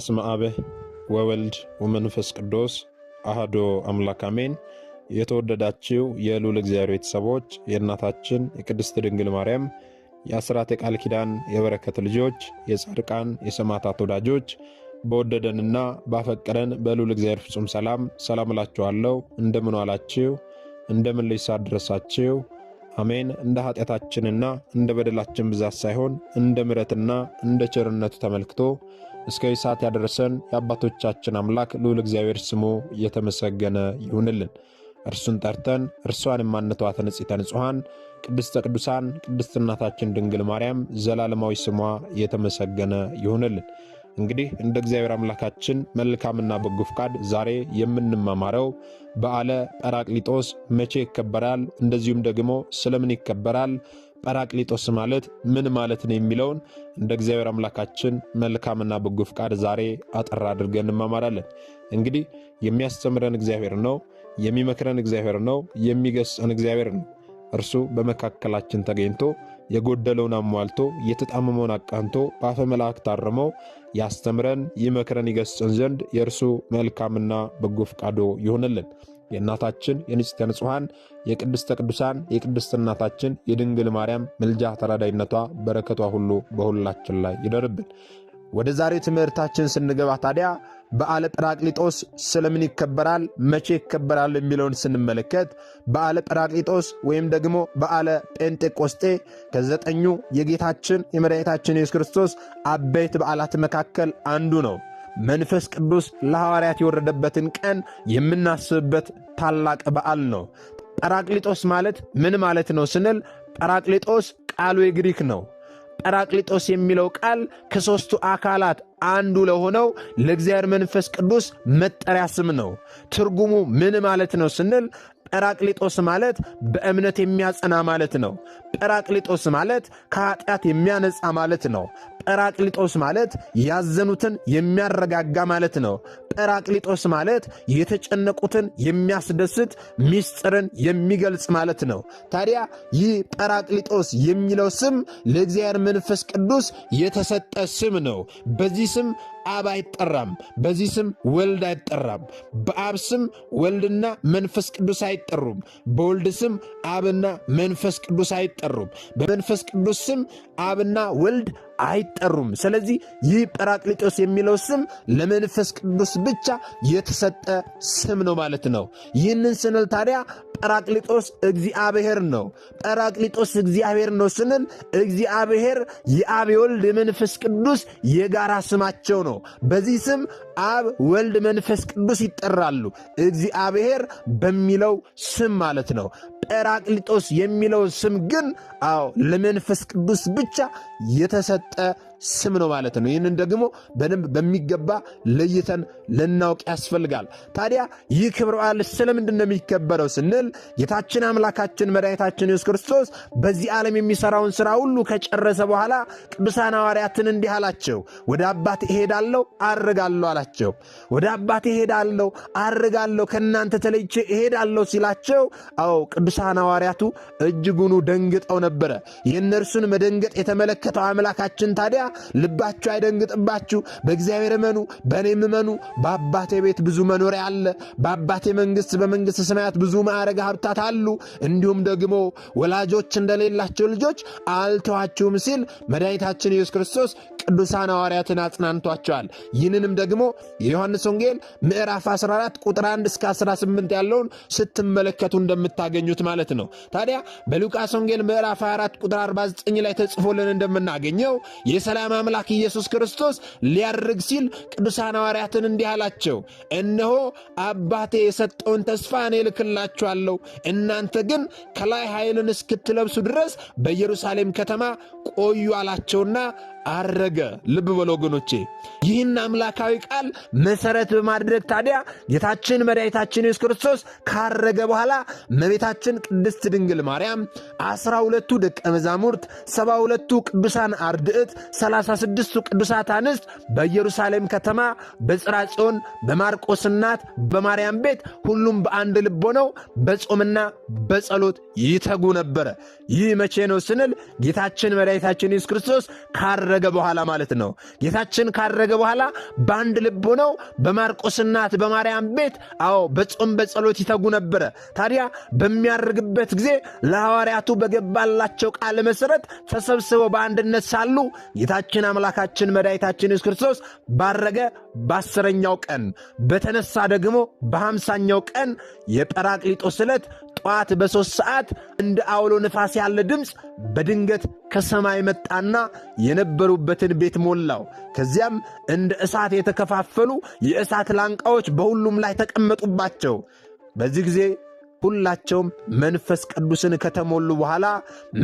በስመ አብ ወወልድ ወመንፈስ ቅዱስ አህዶ አምላክ አሜን። የተወደዳችው የሉል እግዚአብሔር ቤተሰቦች የእናታችን የቅድስት ድንግል ማርያም የአስራት የቃል ኪዳን የበረከት ልጆች የጻድቃን የሰማዕታት ወዳጆች በወደደንና ባፈቀረን በሉል እግዚአብሔር ፍጹም ሰላም ሰላም እላችኋለሁ። እንደምን ዋላችሁ? እንደምን ልጅ ሳደረሳችሁ? አሜን። እንደ ኃጢአታችንና እንደ በደላችን ብዛት ሳይሆን እንደ ምረትና እንደ ቸርነቱ ተመልክቶ እስከዚህ ሰዓት ያደረሰን የአባቶቻችን አምላክ ልዑል እግዚአብሔር ስሙ እየተመሰገነ ይሁንልን። እርሱን ጠርተን እርሷን የማንተዋት ንጽሕተ ንጹሐን ቅድስተ ቅዱሳን ቅድስት እናታችን ድንግል ማርያም ዘላለማዊ ስሟ እየተመሰገነ ይሁንልን። እንግዲህ እንደ እግዚአብሔር አምላካችን መልካምና በጎ ፍቃድ ዛሬ የምንማማረው በዓለ ጰራቅሊጦስ መቼ ይከበራል፣ እንደዚሁም ደግሞ ስለምን ይከበራል፣ ጰራቅሊጦስ ማለት ምን ማለት ነው የሚለውን እንደ እግዚአብሔር አምላካችን መልካምና በጎ ፍቃድ ዛሬ አጠር አድርገን እንማማራለን። እንግዲህ የሚያስተምረን እግዚአብሔር ነው፣ የሚመክረን እግዚአብሔር ነው፣ የሚገስጸን እግዚአብሔር ነው። እርሱ በመካከላችን ተገኝቶ የጎደለውን አሟልቶ የተጣመመውን አቃንቶ በአፈ መላእክት አርሞ ያስተምረን ይመክረን ይገስጸን ዘንድ የእርሱ መልካምና በጎ ፈቃዶ ይሆንልን። የእናታችን የንጽሕተ ንጹሐን የቅድስተ ቅዱሳን የቅድስት እናታችን የድንግል ማርያም ምልጃ ተራዳይነቷ በረከቷ ሁሉ በሁላችን ላይ ይደርብን። ወደ ዛሬው ትምህርታችን ስንገባ ታዲያ በዓለ ጰራቅሊጦስ ስለምን ይከበራል? መቼ ይከበራል? የሚለውን ስንመለከት በዓለ ጰራቅሊጦስ ወይም ደግሞ በዓለ ጴንጤቆስጤ ከዘጠኙ የጌታችን የመድኃኒታችን ኢየሱስ ክርስቶስ አበይት በዓላት መካከል አንዱ ነው። መንፈስ ቅዱስ ለሐዋርያት የወረደበትን ቀን የምናስብበት ታላቅ በዓል ነው። ጰራቅሊጦስ ማለት ምን ማለት ነው ስንል ጰራቅሊጦስ ቃሉ የግሪክ ነው። ጰራቅሊጦስ የሚለው ቃል ከሦስቱ አካላት አንዱ ለሆነው ለእግዚአብሔር መንፈስ ቅዱስ መጠሪያ ስም ነው። ትርጉሙ ምን ማለት ነው ስንል ጰራቅሊጦስ ማለት በእምነት የሚያጸና ማለት ነው። ጰራቅሊጦስ ማለት ከኃጢአት የሚያነጻ ማለት ነው። ጰራቅሊጦስ ማለት ያዘኑትን የሚያረጋጋ ማለት ነው። ጰራቅሊጦስ ማለት የተጨነቁትን የሚያስደስት ምስጢርን የሚገልጽ ማለት ነው። ታዲያ ይህ ጰራቅሊጦስ የሚለው ስም ለእግዚአብሔር መንፈስ ቅዱስ የተሰጠ ስም ነው። በዚህ ስም አብ አይጠራም። በዚህ ስም ወልድ አይጠራም። በአብ ስም ወልድና መንፈስ ቅዱስ አይጠሩም። በወልድ ስም አብና መንፈስ ቅዱስ አይጠሩም። በመንፈስ ቅዱስ ስም አብና ወልድ አይጠሩም። ስለዚህ ይህ ጰራቅሊጦስ የሚለው ስም ለመንፈስ ቅዱስ ብቻ የተሰጠ ስም ነው ማለት ነው። ይህንን ስንል ታዲያ ጰራቅሊጦስ እግዚአብሔር ነው። ጰራቅሊጦስ እግዚአብሔር ነው ስንል እግዚአብሔር የአብ የወልድ መንፈስ ቅዱስ የጋራ ስማቸው ነው። በዚህ ስም አብ፣ ወልድ፣ መንፈስ ቅዱስ ይጠራሉ። እግዚአብሔር በሚለው ስም ማለት ነው። ጰራቅሊጦስ የሚለው ስም ግን አዎ ለመንፈስ ቅዱስ ብቻ የተሰጠ ስም ነው ማለት ነው። ይህንን ደግሞ በደንብ በሚገባ ለይተን ልናውቅ ያስፈልጋል። ታዲያ ይህ ክብረ በዓል ስለምንድን ነው የሚከበረው ስንል ጌታችን አምላካችን መድኃኒታችን ኢየሱስ ክርስቶስ በዚህ ዓለም የሚሰራውን ስራ ሁሉ ከጨረሰ በኋላ ቅዱሳን ሐዋርያትን እንዲህ አላቸው። ወደ አባት እሄዳለሁ አርጋለሁ አላቸው። ወደ አባት እሄዳለሁ አርጋለሁ ከእናንተ ተለይቼ እሄዳለሁ ሲላቸው፣ አዎ ቅዱሳን ሐዋርያቱ እጅጉኑ ደንግጠው ነበረ። የእነርሱን መደንገጥ የተመለከተው አምላካችን ታዲያ ልባችሁ አይደንግጥባችሁ፣ በእግዚአብሔር እመኑ፣ በእኔም እመኑ። በአባቴ ቤት ብዙ መኖሪያ አለ። በአባቴ መንግሥት በመንግስት ሰማያት ብዙ ማዕረግ ሀብታት አሉ። እንዲሁም ደግሞ ወላጆች እንደሌላቸው ልጆች አልተዋችሁም ሲል መድኃኒታችን ኢየሱስ ክርስቶስ ቅዱሳን ሐዋርያትን አጽናንቷቸዋል። ይህንንም ደግሞ የዮሐንስ ወንጌል ምዕራፍ 14 ቁጥር 1 እስከ 18 ያለውን ስትመለከቱ እንደምታገኙት ማለት ነው። ታዲያ በሉቃስ ወንጌል ምዕራፍ 24 ቁጥር 49 ላይ ተጽፎልን እንደምናገኘው የሰላም አምላክ ኢየሱስ ክርስቶስ ሊያርግ ሲል ቅዱሳን ሐዋርያትን እንዲህ አላቸው፣ እነሆ አባቴ የሰጠውን ተስፋ እኔ እልክላችኋለሁ። እናንተ ግን ከላይ ኃይልን እስክትለብሱ ድረስ በኢየሩሳሌም ከተማ ቆዩ አላቸውና አረገ። ልብ በለ ወገኖቼ፣ ይህን አምላካዊ ቃል መሰረት በማድረግ ታዲያ ጌታችን መድኃኒታችን ኢየሱስ ክርስቶስ ካረገ በኋላ እመቤታችን ቅድስት ድንግል ማርያም፣ አስራ ሁለቱ ደቀ መዛሙርት፣ ሰባ ሁለቱ ቅዱሳን አርድዕት፣ ሰላሳ ስድስቱ ቅዱሳት አንስት በኢየሩሳሌም ከተማ በጽርሐ ጽዮን በማርቆስ እናት በማርያም ቤት ሁሉም በአንድ ልብ ሆነው በጾምና በጸሎት ይተጉ ነበረ። ይህ መቼ ነው ስንል ጌታችን መድኃኒታችን ኢየሱስ ክርስቶስ ካረ ካረገ በኋላ ማለት ነው። ጌታችን ካረገ በኋላ በአንድ ልብ ሆነው በማርቆስ እናት በማርያም ቤት፣ አዎ በጾም በጸሎት ይተጉ ነበረ። ታዲያ በሚያርግበት ጊዜ ለሐዋርያቱ በገባላቸው ቃል መሠረት ተሰብስበው በአንድነት ሳሉ ጌታችን አምላካችን መድኃኒታችን ኢየሱስ ክርስቶስ ባረገ በአስረኛው ቀን በተነሳ ደግሞ በሐምሳኛው ቀን የጰራቅሊጦስ ዕለት ጠዋት በሦስት ሰዓት እንደ አውሎ ነፋስ ያለ ድምፅ በድንገት ከሰማይ መጣና የነበሩበትን ቤት ሞላው። ከዚያም እንደ እሳት የተከፋፈሉ የእሳት ላንቃዎች በሁሉም ላይ ተቀመጡባቸው። በዚህ ጊዜ ሁላቸውም መንፈስ ቅዱስን ከተሞሉ በኋላ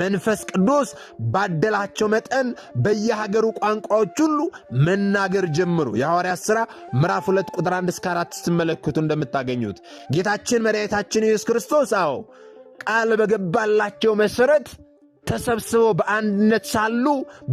መንፈስ ቅዱስ ባደላቸው መጠን በየሀገሩ ቋንቋዎች ሁሉ መናገር ጀምሩ። የሐዋርያት ሥራ ምዕራፍ 2 ቁጥር 1 እስከ 4 ስትመለከቱ እንደምታገኙት ጌታችን መድኃኒታችን ኢየሱስ ክርስቶስ አዎ ቃል በገባላቸው መሠረት ተሰብስበው በአንድነት ሳሉ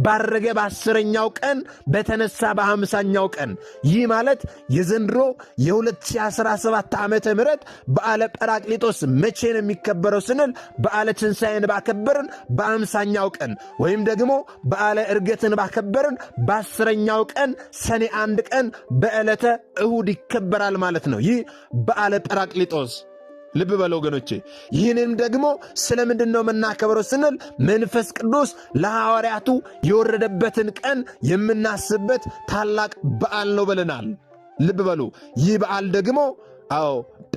ባረገ በአስረኛው ቀን በተነሳ በሐምሳኛው ቀን። ይህ ማለት የዘንድሮ የ2017 ዓመተ ምህረት በዓለ ጰራቅሊጦስ መቼ ነው የሚከበረው ስንል በዓለ ትንሣኤን ባከበርን በአምሳኛው ቀን ወይም ደግሞ በዓለ እርገትን ባከበርን በአስረኛው ቀን ሰኔ አንድ ቀን በዕለተ እሁድ ይከበራል ማለት ነው። ይህ በዓለ ጰራቅሊጦስ ልብ በለ ወገኖቼ፣ ይህንም ደግሞ ስለ ምንድን ነው የምናከብረው ስንል መንፈስ ቅዱስ ለሐዋርያቱ የወረደበትን ቀን የምናስብበት ታላቅ በዓል ነው ብለናል። ልብ በሉ ይህ በዓል ደግሞ አዎ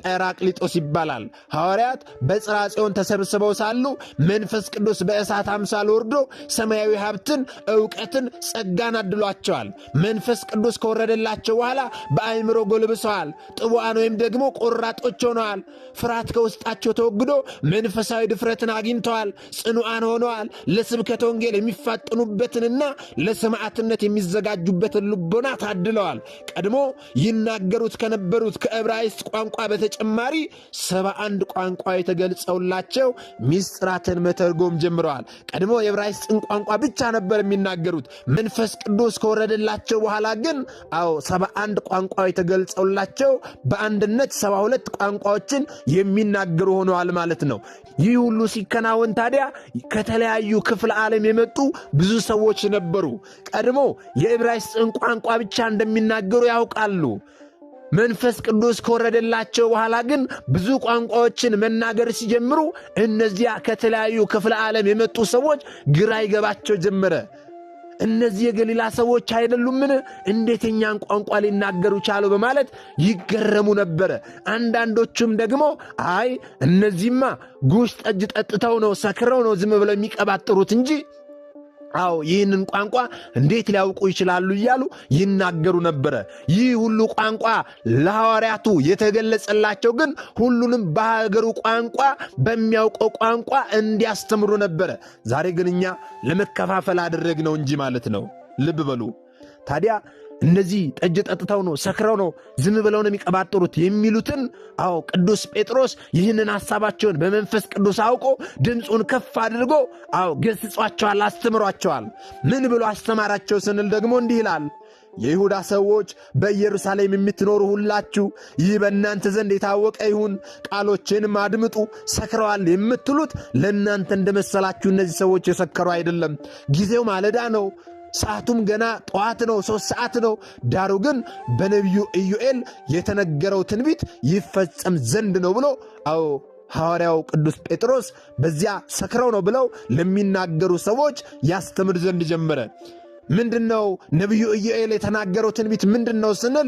ጰራቅሊጦስ ይባላል። ሐዋርያት በጽርሐ ጽዮን ተሰብስበው ሳሉ መንፈስ ቅዱስ በእሳት አምሳል ወርዶ ሰማያዊ ሀብትን፣ እውቀትን ጸጋን አድሏቸዋል። መንፈስ ቅዱስ ከወረደላቸው በኋላ በአእምሮ ጎልብሰዋል። ጥቡዓን ወይም ደግሞ ቆራጦች ሆነዋል። ፍርሃት ከውስጣቸው ተወግዶ መንፈሳዊ ድፍረትን አግኝተዋል። ጽኑዓን ሆነዋል። ለስብከተ ወንጌል የሚፋጠኑበትንና ለሰማዕትነት የሚዘጋጁበትን ልቦና ታድለዋል። ቀድሞ ይናገሩት ከነበሩት ከዕብራይስጥ ቋንቋ በተጨማሪ ሰባ አንድ ቋንቋ የተገልጸውላቸው ሚስጥራትን መተርጎም ጀምረዋል። ቀድሞ የዕብራይስጥን ቋንቋ ብቻ ነበር የሚናገሩት። መንፈስ ቅዱስ ከወረደላቸው በኋላ ግን አዎ ሰባ አንድ ቋንቋ የተገልጸውላቸው በአንድነት ሰባ ሁለት ቋንቋዎችን የሚናገሩ ሆነዋል ማለት ነው። ይህ ሁሉ ሲከናወን ታዲያ ከተለያዩ ክፍለ ዓለም የመጡ ብዙ ሰዎች ነበሩ። ቀድሞ የዕብራይስጥን ቋንቋ ብቻ እንደሚናገሩ ያውቃሉ። መንፈስ ቅዱስ ከወረደላቸው በኋላ ግን ብዙ ቋንቋዎችን መናገር ሲጀምሩ እነዚያ ከተለያዩ ክፍለ ዓለም የመጡ ሰዎች ግራ ይገባቸው ጀመረ። እነዚህ የገሊላ ሰዎች አይደሉምን? እንዴት እኛን ቋንቋ ሊናገሩ ቻሉ? በማለት ይገረሙ ነበረ። አንዳንዶቹም ደግሞ አይ እነዚህማ ጉሽ ጠጅ ጠጥተው ነው፣ ሰክረው ነው ዝም ብለው የሚቀባጥሩት እንጂ አዎ ይህንን ቋንቋ እንዴት ሊያውቁ ይችላሉ እያሉ ይናገሩ ነበረ። ይህ ሁሉ ቋንቋ ለሐዋርያቱ የተገለጸላቸው ግን ሁሉንም በሀገሩ ቋንቋ በሚያውቀው ቋንቋ እንዲያስተምሩ ነበረ። ዛሬ ግን እኛ ለመከፋፈል አደረግነው እንጂ ማለት ነው። ልብ በሉ ታዲያ እነዚህ ጠጅ ጠጥተው ነው ሰክረው ነው ዝም ብለው ነው የሚቀባጠሩት የሚሉትን አዎ ቅዱስ ጴጥሮስ ይህንን ሐሳባቸውን በመንፈስ ቅዱስ አውቆ ድምፁን ከፍ አድርጎ አዎ ገስጿቸዋል፣ አስተምሯቸዋል። ምን ብሎ አስተማራቸው ስንል ደግሞ እንዲህ ይላል የይሁዳ ሰዎች በኢየሩሳሌም የምትኖሩ ሁላችሁ ይህ በእናንተ ዘንድ የታወቀ ይሁን፣ ቃሎቼንም አድምጡ። ሰክረዋል የምትሉት ለእናንተ እንደመሰላችሁ እነዚህ ሰዎች የሰከሩ አይደለም። ጊዜው ማለዳ ነው። ሰዓቱም ገና ጠዋት ነው፣ ሶስት ሰዓት ነው። ዳሩ ግን በነቢዩ ኢዩኤል የተነገረው ትንቢት ይፈጸም ዘንድ ነው ብሎ አዎ ሐዋርያው ቅዱስ ጴጥሮስ በዚያ ሰክረው ነው ብለው ለሚናገሩ ሰዎች ያስተምር ዘንድ ጀመረ። ምንድን ነው ነቢዩ ኢዩኤል የተናገረው ትንቢት ምንድን ነው ስንል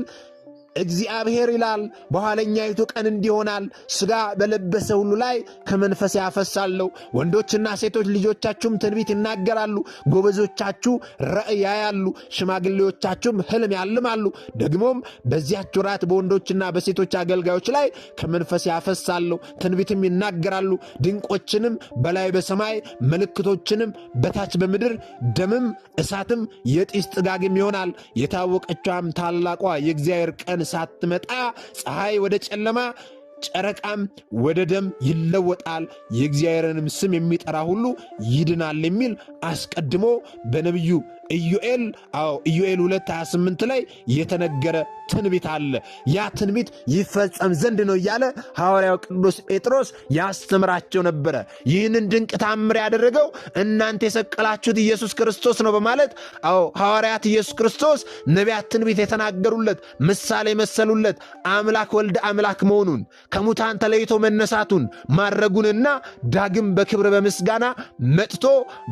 እግዚአብሔር ይላል በኋለኛይቱ ቀን እንዲሆናል ሥጋ በለበሰ ሁሉ ላይ ከመንፈስ ያፈሳለሁ። ወንዶችና ሴቶች ልጆቻችሁም ትንቢት ይናገራሉ፣ ጎበዞቻችሁ ራእይ ያያሉ፣ ሽማግሌዎቻችሁም ሕልም ያልማሉ። ደግሞም በዚያች ወራት በወንዶችና በሴቶች አገልጋዮች ላይ ከመንፈስ ያፈሳለሁ፣ ትንቢትም ይናገራሉ። ድንቆችንም በላይ በሰማይ ምልክቶችንም በታች በምድር ደምም፣ እሳትም፣ የጢስ ጥጋግም ይሆናል። የታወቀችዋም ታላቋ የእግዚአብሔር ቀን ሳትመጣ ፀሐይ ወደ ጨለማ ጨረቃም ወደ ደም ይለወጣል፣ የእግዚአብሔርንም ስም የሚጠራ ሁሉ ይድናል የሚል አስቀድሞ በነቢዩ ኢዩኤል አዎ ኢዩኤል 228 ላይ የተነገረ ትንቢት አለ። ያ ትንቢት ይፈጸም ዘንድ ነው እያለ ሐዋርያው ቅዱስ ጴጥሮስ ያስተምራቸው ነበረ። ይህንን ድንቅ ታምር ያደረገው እናንተ የሰቀላችሁት ኢየሱስ ክርስቶስ ነው በማለት አዎ ሐዋርያት ኢየሱስ ክርስቶስ ነቢያት ትንቢት የተናገሩለት ምሳሌ መሰሉለት አምላክ ወልድ አምላክ መሆኑን ከሙታን ተለይቶ መነሳቱን ማድረጉንና ዳግም በክብር በምስጋና መጥቶ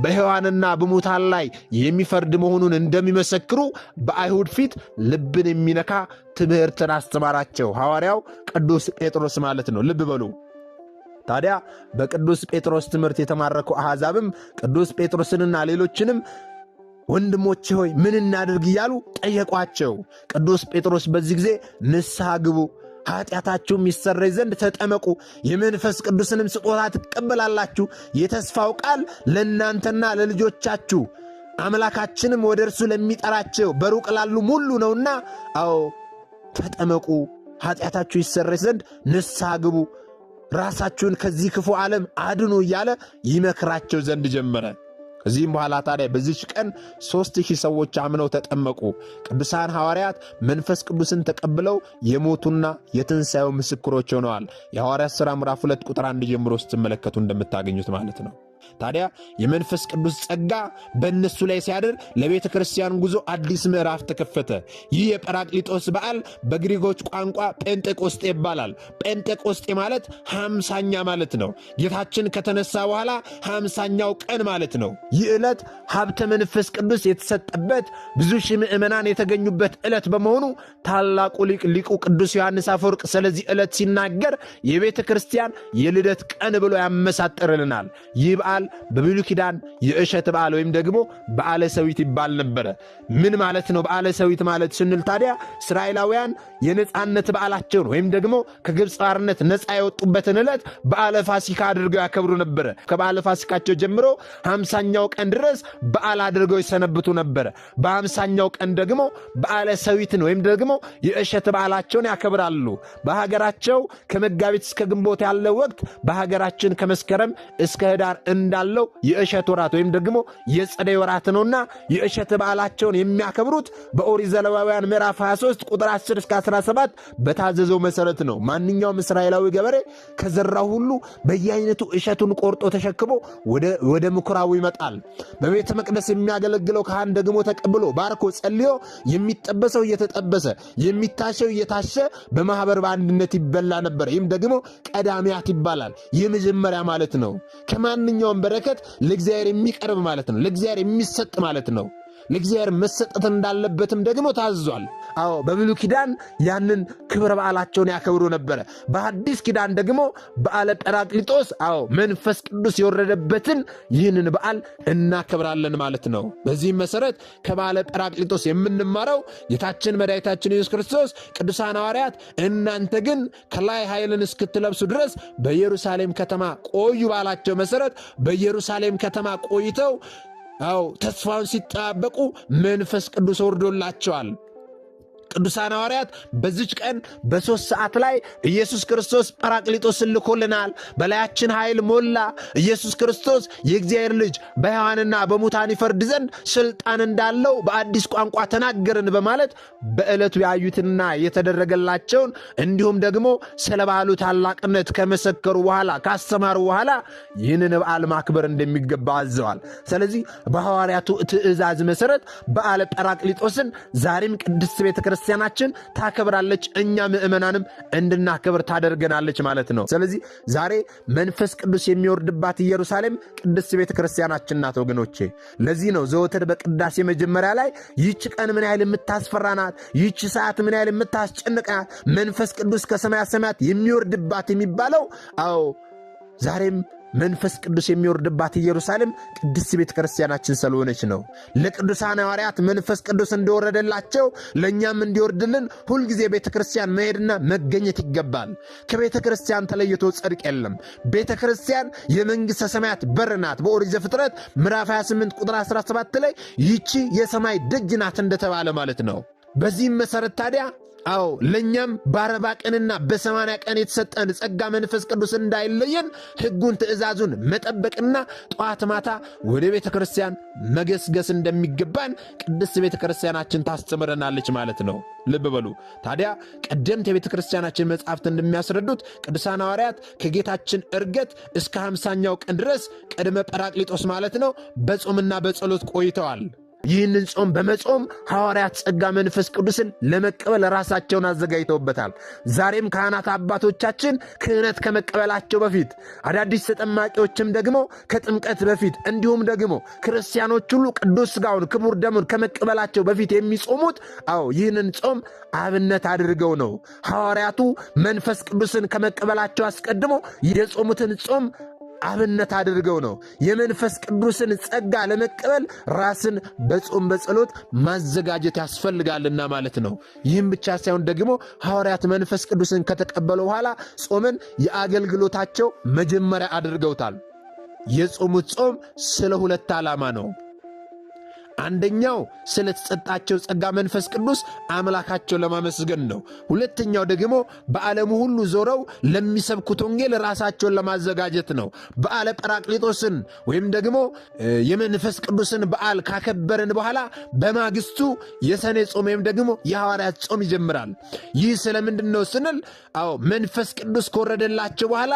በሕያዋንና በሙታን ላይ የሚፈር ፍርድ መሆኑን እንደሚመሰክሩ በአይሁድ ፊት ልብን የሚነካ ትምህርትን አስተማራቸው። ሐዋርያው ቅዱስ ጴጥሮስ ማለት ነው። ልብ በሉ። ታዲያ በቅዱስ ጴጥሮስ ትምህርት የተማረኩ አሕዛብም ቅዱስ ጴጥሮስንና ሌሎችንም ወንድሞቼ ሆይ ምን እናድርግ እያሉ ጠየቋቸው። ቅዱስ ጴጥሮስ በዚህ ጊዜ ንስሐ ግቡ ኃጢአታችሁም ይሰረይ ዘንድ ተጠመቁ፣ የመንፈስ ቅዱስንም ስጦታ ትቀበላላችሁ፣ የተስፋው ቃል ለእናንተና ለልጆቻችሁ አምላካችንም ወደ እርሱ ለሚጠራቸው በሩቅ ላሉ ሙሉ ነውና፣ አዎ ተጠመቁ፣ ኃጢአታችሁ ይሰረች ዘንድ ንስሐ ግቡ፣ ራሳችሁን ከዚህ ክፉ ዓለም አድኑ እያለ ይመክራቸው ዘንድ ጀመረ። ከዚህም በኋላ ታዲያ በዚች ቀን ሦስት ሺህ ሰዎች አምነው ተጠመቁ። ቅዱሳን ሐዋርያት መንፈስ ቅዱስን ተቀብለው የሞቱና የትንሣኤው ምስክሮች ሆነዋል። የሐዋርያት ሥራ ምዕራፍ ሁለት ቁጥር አንድ ጀምሮ ስትመለከቱ እንደምታገኙት ማለት ነው። ታዲያ የመንፈስ ቅዱስ ጸጋ በእነሱ ላይ ሲያድር ለቤተ ክርስቲያን ጉዞ አዲስ ምዕራፍ ተከፈተ። ይህ የጰራቅሊጦስ በዓል በግሪኮች ቋንቋ ጴንጤቆስጤ ይባላል። ጴንጤቆስጤ ማለት ሃምሳኛ ማለት ነው። ጌታችን ከተነሳ በኋላ ሃምሳኛው ቀን ማለት ነው። ይህ ዕለት ሀብተ መንፈስ ቅዱስ የተሰጠበት ብዙ ሺህ ምዕመናን የተገኙበት ዕለት በመሆኑ ታላቁ ሊቅ ሊቁ ቅዱስ ዮሐንስ አፈወርቅ ስለዚህ ዕለት ሲናገር የቤተ ክርስቲያን የልደት ቀን ብሎ ያመሳጥርልናል። ይህ በዓል በዓል በብሉይ ኪዳን የእሸት በዓል ወይም ደግሞ በዓለ ሰዊት ይባል ነበረ። ምን ማለት ነው በዓለ ሰዊት ማለት ስንል ታዲያ እስራኤላውያን የነፃነት በዓላቸውን ወይም ደግሞ ከግብፅ ባርነት ነፃ የወጡበትን ዕለት በዓለ ፋሲካ አድርገው ያከብሩ ነበረ። ከበዓለ ፋሲካቸው ጀምሮ ሀምሳኛው ቀን ድረስ በዓል አድርገው ይሰነብቱ ነበረ። በሀምሳኛው ቀን ደግሞ በዓለ ሰዊትን ወይም ደግሞ የእሸት በዓላቸውን ያከብራሉ። በሀገራቸው ከመጋቢት እስከ ግንቦት ያለው ወቅት በሀገራችን ከመስከረም እስከ ህዳር እንዳለው የእሸት ወራት ወይም ደግሞ የጸደይ ወራት ነውና የእሸት በዓላቸውን የሚያከብሩት በኦሪት ዘሌዋውያን ምዕራፍ 23 ቁጥር 10 እስከ 17 በታዘዘው መሰረት ነው። ማንኛውም እስራኤላዊ ገበሬ ከዘራው ሁሉ በየአይነቱ እሸቱን ቆርጦ ተሸክሞ ወደ ምኩራቡ ይመጣል። በቤተ መቅደስ የሚያገለግለው ካህን ደግሞ ተቀብሎ ባርኮ ጸልዮ የሚጠበሰው እየተጠበሰ የሚታሸው እየታሸ በማህበር በአንድነት ይበላ ነበር። ይህም ደግሞ ቀዳሚያት ይባላል። የመጀመሪያ ማለት ነው። ከማንኛው ማንኛውም በረከት ለእግዚአብሔር የሚቀርብ ማለት ነው። ለእግዚአብሔር የሚሰጥ ማለት ነው። ለእግዚአብሔር መሰጠት እንዳለበትም ደግሞ ታዟል። አዎ በብሉ ኪዳን ያንን ክብረ በዓላቸውን ያከብሩ ነበረ። በአዲስ ኪዳን ደግሞ በዓለ ጰራቅሊጦስ አዎ መንፈስ ቅዱስ የወረደበትን ይህንን በዓል እናከብራለን ማለት ነው። በዚህም መሰረት ከበዓለ ጰራቅሊጦስ የምንማረው ጌታችን መድኃኒታችን ኢየሱስ ክርስቶስ ቅዱሳን ሐዋርያት እናንተ ግን ከላይ ኃይልን እስክትለብሱ ድረስ በኢየሩሳሌም ከተማ ቆዩ ባላቸው መሰረት በኢየሩሳሌም ከተማ ቆይተው አዎ ተስፋውን ሲጠባበቁ መንፈስ ቅዱስ ወርዶላቸዋል። ቅዱሳን ሐዋርያት በዚች ቀን በሦስት ሰዓት ላይ ኢየሱስ ክርስቶስ ጳራቅሊጦስ ልኮልናል፣ በላያችን ኃይል ሞላ፣ ኢየሱስ ክርስቶስ የእግዚአብሔር ልጅ በሕያዋንና በሙታን ይፈርድ ዘንድ ሥልጣን እንዳለው በአዲስ ቋንቋ ተናገርን በማለት በዕለቱ ያዩትና የተደረገላቸውን እንዲሁም ደግሞ ስለ በዓሉ ታላቅነት ከመሰከሩ በኋላ ካስተማሩ በኋላ ይህንን በዓል ማክበር እንደሚገባ አዘዋል። ስለዚህ በሐዋርያቱ ትእዛዝ መሠረት በዓለ ጳራቅሊጦስን ዛሬም ቅድስት ቤተ ክርስቲያናችን ታከብራለች፣ እኛ ምእመናንም እንድናከብር ታደርገናለች ማለት ነው። ስለዚህ ዛሬ መንፈስ ቅዱስ የሚወርድባት ኢየሩሳሌም ቅድስት ቤተ ክርስቲያናችን ናት ወገኖቼ። ለዚህ ነው ዘወትር በቅዳሴ መጀመሪያ ላይ ይች ቀን ምን ያህል የምታስፈራ ናት፣ ሰዓት ምን ያህል የምታስጨንቅ ናት፣ መንፈስ ቅዱስ ከሰማያት ሰማያት የሚወርድባት የሚባለው አዎ ዛሬም መንፈስ ቅዱስ የሚወርድባት ኢየሩሳሌም ቅድስት ቤተ ክርስቲያናችን ስለሆነች ነው። ለቅዱሳን ሐዋርያት መንፈስ ቅዱስ እንደወረደላቸው ለእኛም እንዲወርድልን ሁልጊዜ ቤተ ክርስቲያን መሄድና መገኘት ይገባል። ከቤተ ክርስቲያን ተለይቶ ጽድቅ የለም። ቤተ ክርስቲያን የመንግሥተ ሰማያት በር ናት። በኦሪት ዘፍጥረት ምዕራፍ 28 ቁጥር 17 ላይ ይቺ የሰማይ ደጅ ናት እንደተባለ ማለት ነው። በዚህም መሠረት ታዲያ አዎ ለእኛም በአርባ ቀንና በሰማንያ ቀን የተሰጠን ጸጋ መንፈስ ቅዱስ እንዳይለየን ሕጉን ትእዛዙን መጠበቅና ጠዋት ማታ ወደ ቤተ ክርስቲያን መገስገስ እንደሚገባን ቅድስት ቤተ ክርስቲያናችን ታስተምረናለች ማለት ነው። ልብ በሉ ታዲያ ቀደምት የቤተ ክርስቲያናችን መጽሐፍት እንደሚያስረዱት ቅዱሳን ሐዋርያት ከጌታችን እርገት እስከ ሃምሳኛው ቀን ድረስ ቅድመ ጰራቅሊጦስ ማለት ነው በጾምና በጸሎት ቆይተዋል። ይህንን ጾም በመጾም ሐዋርያት ጸጋ መንፈስ ቅዱስን ለመቀበል ራሳቸውን አዘጋጅተውበታል። ዛሬም ካህናት አባቶቻችን ክህነት ከመቀበላቸው በፊት አዳዲስ ተጠማቂዎችም ደግሞ ከጥምቀት በፊት እንዲሁም ደግሞ ክርስቲያኖች ሁሉ ቅዱስ ሥጋውን ክቡር ደሙን ከመቀበላቸው በፊት የሚጾሙት አዎ ይህንን ጾም አብነት አድርገው ነው። ሐዋርያቱ መንፈስ ቅዱስን ከመቀበላቸው አስቀድሞ የጾሙትን ጾም አብነት አድርገው ነው የመንፈስ ቅዱስን ጸጋ ለመቀበል ራስን በጾም በጸሎት ማዘጋጀት ያስፈልጋልና ማለት ነው። ይህም ብቻ ሳይሆን ደግሞ ሐዋርያት መንፈስ ቅዱስን ከተቀበሉ በኋላ ጾምን የአገልግሎታቸው መጀመሪያ አድርገውታል። የጾሙት ጾም ስለ ሁለት ዓላማ ነው። አንደኛው ስለተሰጣቸው ጸጋ መንፈስ ቅዱስ አምላካቸው ለማመስገን ነው። ሁለተኛው ደግሞ በዓለሙ ሁሉ ዞረው ለሚሰብኩት ወንጌል ራሳቸውን ለማዘጋጀት ነው። በዓለ ጰራቅሊጦስን ወይም ደግሞ የመንፈስ ቅዱስን በዓል ካከበርን በኋላ በማግስቱ የሰኔ ጾም ወይም ደግሞ የሐዋርያት ጾም ይጀምራል። ይህ ስለምንድን ነው ስንል አዎ መንፈስ ቅዱስ ከወረደላቸው በኋላ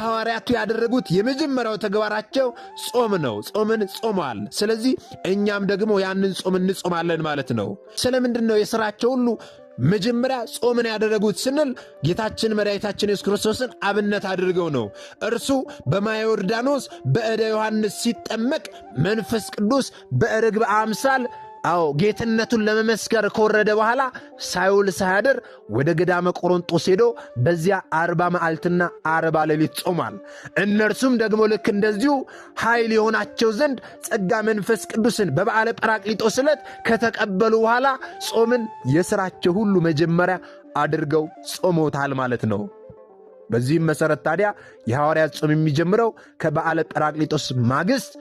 ሐዋርያቱ ያደረጉት የመጀመሪያው ተግባራቸው ጾም ነው። ጾምን ጾመዋል። ስለዚህ እኛም ደግሞ ያንን ጾም እንጾማለን ማለት ነው። ስለምንድን ነው የሥራቸው ሁሉ መጀመሪያ ጾምን ያደረጉት ስንል ጌታችን መድኃኒታችን ኢየሱስ ክርስቶስን አብነት አድርገው ነው። እርሱ በማየ ዮርዳኖስ በእደ ዮሐንስ ሲጠመቅ መንፈስ ቅዱስ በርግብ አምሳል አዎ ጌትነቱን ለመመስከር ከወረደ በኋላ ሳይውል ሳያድር ወደ ገዳመ ቆሮንጦስ ሄዶ በዚያ አርባ መዓልትና አርባ ሌሊት ጾሟል። እነርሱም ደግሞ ልክ እንደዚሁ ኃይል የሆናቸው ዘንድ ጸጋ መንፈስ ቅዱስን በበዓለ ጰራቅሊጦስ ዕለት ከተቀበሉ በኋላ ጾምን የሥራቸው ሁሉ መጀመሪያ አድርገው ጾመውታል ማለት ነው። በዚህም መሠረት ታዲያ የሐዋርያት ጾም የሚጀምረው ከበዓለ ጰራቅሊጦስ ማግስት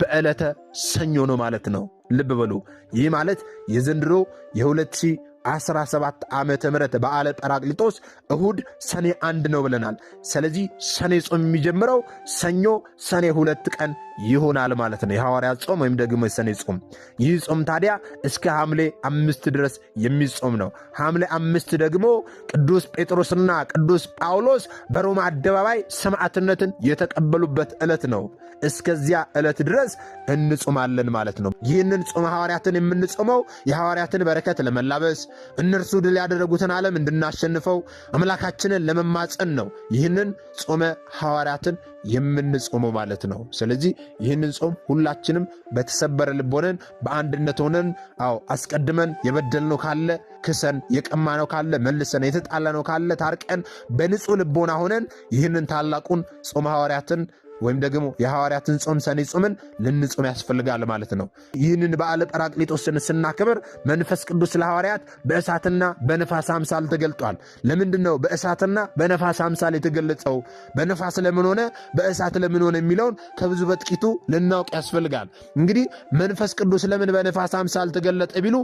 በዕለተ ሰኞ ነው ማለት ነው። ልብ በሉ። ይህ ማለት የዘንድሮ የ2017 ዓመተ ምህረት በዓለ ጰራቅሊጦስ እሁድ ሰኔ አንድ ነው ብለናል። ስለዚህ ሰኔ ጾም የሚጀምረው ሰኞ ሰኔ ሁለት ቀን ይሆናል ማለት ነው። የሐዋርያ ጾም ወይም ደግሞ የሰኔ ጾም። ይህ ጾም ታዲያ እስከ ሐምሌ አምስት ድረስ የሚጾም ነው። ሐምሌ አምስት ደግሞ ቅዱስ ጴጥሮስና ቅዱስ ጳውሎስ በሮማ አደባባይ ሰማዕትነትን የተቀበሉበት ዕለት ነው። እስከዚያ ዕለት ድረስ እንጾማለን ማለት ነው። ይህንን ጾመ ሐዋርያትን የምንጾመው የሐዋርያትን በረከት ለመላበስ እነርሱ ድል ያደረጉትን ዓለም እንድናሸንፈው አምላካችንን ለመማፀን ነው። ይህንን ጾመ ሐዋርያትን የምንጾመው ማለት ነው። ስለዚህ ይህንን ጾም ሁላችንም በተሰበረ ልብ ሆነን በአንድነት ሆነን አዎ አስቀድመን የበደልነው ካለ ክሰን የቀማነው ካለ መልሰን የተጣላነው ካለ ታርቀን በንጹህ ልቦና ሆነን ይህንን ታላቁን ጾመ ሐዋርያትን ወይም ደግሞ የሐዋርያትን ጾም ሰኔ ጾምን ልንጾም ያስፈልጋል ማለት ነው። ይህንን በዓለ ጰራቅሊጦስን ስናክብር መንፈስ ቅዱስ ለሐዋርያት በእሳትና በነፋስ አምሳል ተገልጧል። ለምንድን ነው በእሳትና በነፋስ አምሳል የተገለጸው? በነፋስ ለምን ሆነ፣ በእሳት ለምን ሆነ የሚለውን ከብዙ በጥቂቱ ልናውቅ ያስፈልጋል። እንግዲህ መንፈስ ቅዱስ ለምን በነፋስ አምሳል ተገለጠ ቢሉ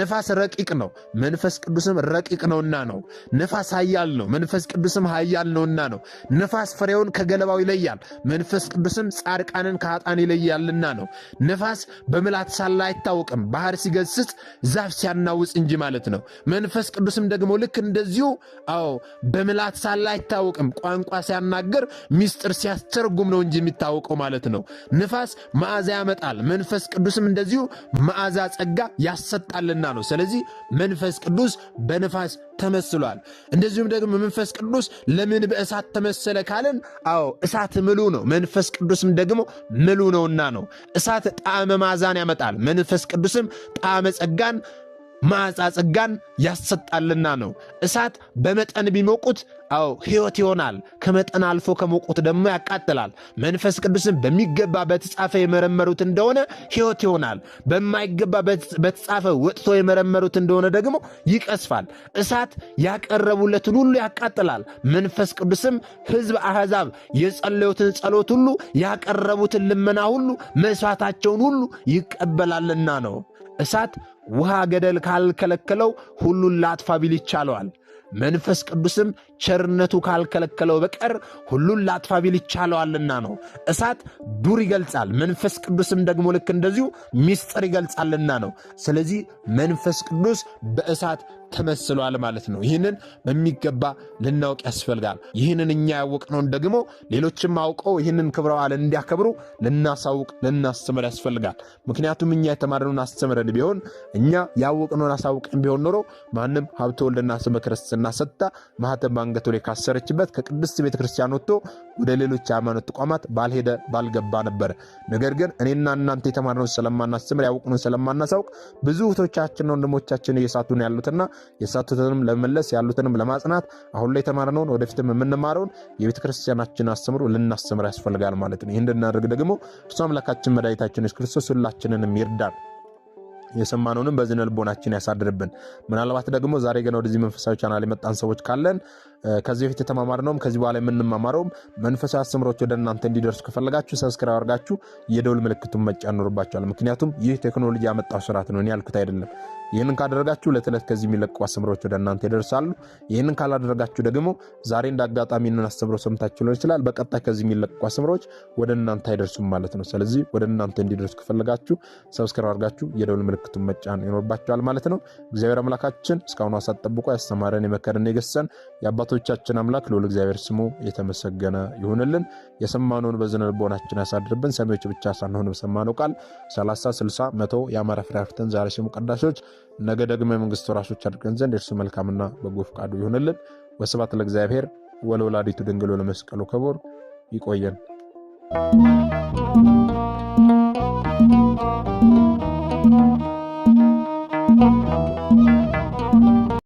ነፋስ ረቂቅ ነው፣ መንፈስ ቅዱስም ረቂቅ ነውና ነው። ነፋስ ኃያል ነው፣ መንፈስ ቅዱስም ኃያል ነውና ነው። ነፋስ ፍሬውን ከገለባው ይለያል። መንፈስ ቅዱስም ጻድቃንን ከኃጥአን ይለያልና ነው። ነፋስ በምላት ሳለ አይታወቅም፣ ባህር ሲገስጽ ዛፍ ሲያናውጽ እንጂ ማለት ነው። መንፈስ ቅዱስም ደግሞ ልክ እንደዚሁ አዎ በምላት ሳለ አይታወቅም፣ ቋንቋ ሲያናገር ሚስጥር ሲያስተርጉም ነው እንጂ የሚታወቀው ማለት ነው። ነፋስ መዓዛ ያመጣል፣ መንፈስ ቅዱስም እንደዚሁ መዓዛ ጸጋ ያሰጣልና ነው። ስለዚህ መንፈስ ቅዱስ በነፋስ ተመስሏል። እንደዚሁም ደግሞ መንፈስ ቅዱስ ለምን በእሳት ተመሰለ ካልን፣ አዎ እሳት ምሉ ነው፣ መንፈስ ቅዱስም ደግሞ ምሉ ነውና ነው። እሳት ጣዕመ ማዛን ያመጣል፣ መንፈስ ቅዱስም ጣዕመ ጸጋን ማዕፃ ጸጋን ያሰጣልና ነው። እሳት በመጠን ቢሞቁት አዎ ሕይወት ይሆናል። ከመጠን አልፎ ከሞቁት ደግሞ ያቃጥላል። መንፈስ ቅዱስን በሚገባ በተጻፈ የመረመሩት እንደሆነ ሕይወት ይሆናል። በማይገባ በተጻፈ ወጥቶ የመረመሩት እንደሆነ ደግሞ ይቀስፋል። እሳት ያቀረቡለትን ሁሉ ያቃጥላል። መንፈስ ቅዱስም ሕዝብ አሕዛብ የጸለዩትን ጸሎት ሁሉ ያቀረቡትን ልመና ሁሉ መስዋዕታቸውን ሁሉ ይቀበላልና ነው። እሳት ውሃ ገደል ካልከለከለው ሁሉን ላጥፋ ቢል ይቻለዋል። መንፈስ ቅዱስም ቸርነቱ ካልከለከለው በቀር ሁሉን ላጥፋ ቢል ይቻለዋልና ነው። እሳት ዱር ይገልጻል፣ መንፈስ ቅዱስም ደግሞ ልክ እንደዚሁ ሚስጥር ይገልጻልና ነው። ስለዚህ መንፈስ ቅዱስ በእሳት ተመስሏል ማለት ነው። ይህንን በሚገባ ልናውቅ ያስፈልጋል። ይህንን እኛ ያወቅነውን ደግሞ ሌሎችም አውቀው ይህንን ክብረ በዓል እንዲያከብሩ ልናሳውቅ ልናስተምር ያስፈልጋል። ምክንያቱም እኛ የተማርነውን አስተምረን ቢሆን እኛ ያወቅነውን አሳውቅን ቢሆን ኖሮ ማንም ሀብተ ወልድና ስመ ክርስትና ሰጥታ ማኅተም በአንገቱ ላይ ካሰረችበት ከቅድስት ቤተ ክርስቲያን ወጥቶ ወደ ሌሎች ሃይማኖት ተቋማት ባልሄደ ባልገባ ነበረ። ነገር ግን እኔና እናንተ የተማርነውን ስለማናስተምር ያወቅነውን ስለማናሳውቅ ብዙ እህቶቻችንና ወንድሞቻችን እየሳቱን ያሉትና የተሳቱትንም ለመመለስ ያሉትንም ለማጽናት አሁን ላይ የተማርነውን ወደፊትም የምንማረውን የቤተ ክርስቲያናችን አስተምሮ ልናስተምር ያስፈልጋል ማለት ነው። ይህ እንድናደርግ ደግሞ እሱ አምላካችን መድኃኒታችን ኢየሱስ ክርስቶስ ሁላችንንም ይርዳል። የሰማነውንም በዝነ ልቦናችን ያሳድርብን። ምናልባት ደግሞ ዛሬ ገና ወደዚህ መንፈሳዊ ቻናል የመጣን ሰዎች ካለን ከዚህ በፊት የተማማርነውም ከዚህ በኋላ የምንማማረውም መንፈሳዊ አስተምሮች ወደ እናንተ እንዲደርሱ ከፈለጋችሁ ሰብስክራይብ አድርጋችሁ የደውል ምልክቱን መጫን ይኖርባችኋል። ምክንያቱም ይህ ቴክኖሎጂ ያመጣው ስርዓት ነው፣ እኔ ያልኩት አይደለም። ይህንን ካደረጋችሁ ዕለት ዕለት ከዚህ የሚለቁ አስተምሮች ወደ እናንተ ይደርሳሉ። ይህንን ካላደረጋችሁ ደግሞ ዛሬ እንደ አጋጣሚ ንን አስተምሮ ሰምታችሁ ሊሆን ይችላል። በቀጣይ ከዚህ የሚለቁ አስተምሮች ወደ እናንተ አይደርሱም ማለት ነው። ስለዚህ ወደ እናንተ እንዲደርሱ ከፈለጋችሁ ሰብስክራይብ አድርጋችሁ የደውል ምልክቱን መጫን ይኖርባችኋል ማለት ነው። እግዚአብሔር አምላካችን እስካሁኑ አሳት ጠብቆ ያስተማረን የመከረን የገሰን የአባቶቻችን አምላክ ልዑል እግዚአብሔር ስሙ የተመሰገነ ይሁንልን። የሰማነውን በዝነ ልቦናችን ያሳድርብን። ሰሚዎች ብቻ ሳንሆን በሰማነው ቃል 30፣ 60፣ መቶ የአማራ ፍሬ አፍርተን ዛሬ ስሙ ቀዳሾች ነገ ደግሞ የመንግስት ወራሾች አድርገን ዘንድ እርሱ መልካምና በጎ ፈቃዱ ይሆንልን። ወስብሐት ለእግዚአብሔር ወለወላዲቱ ድንግል ለመስቀሉ ክቡር። ይቆየን።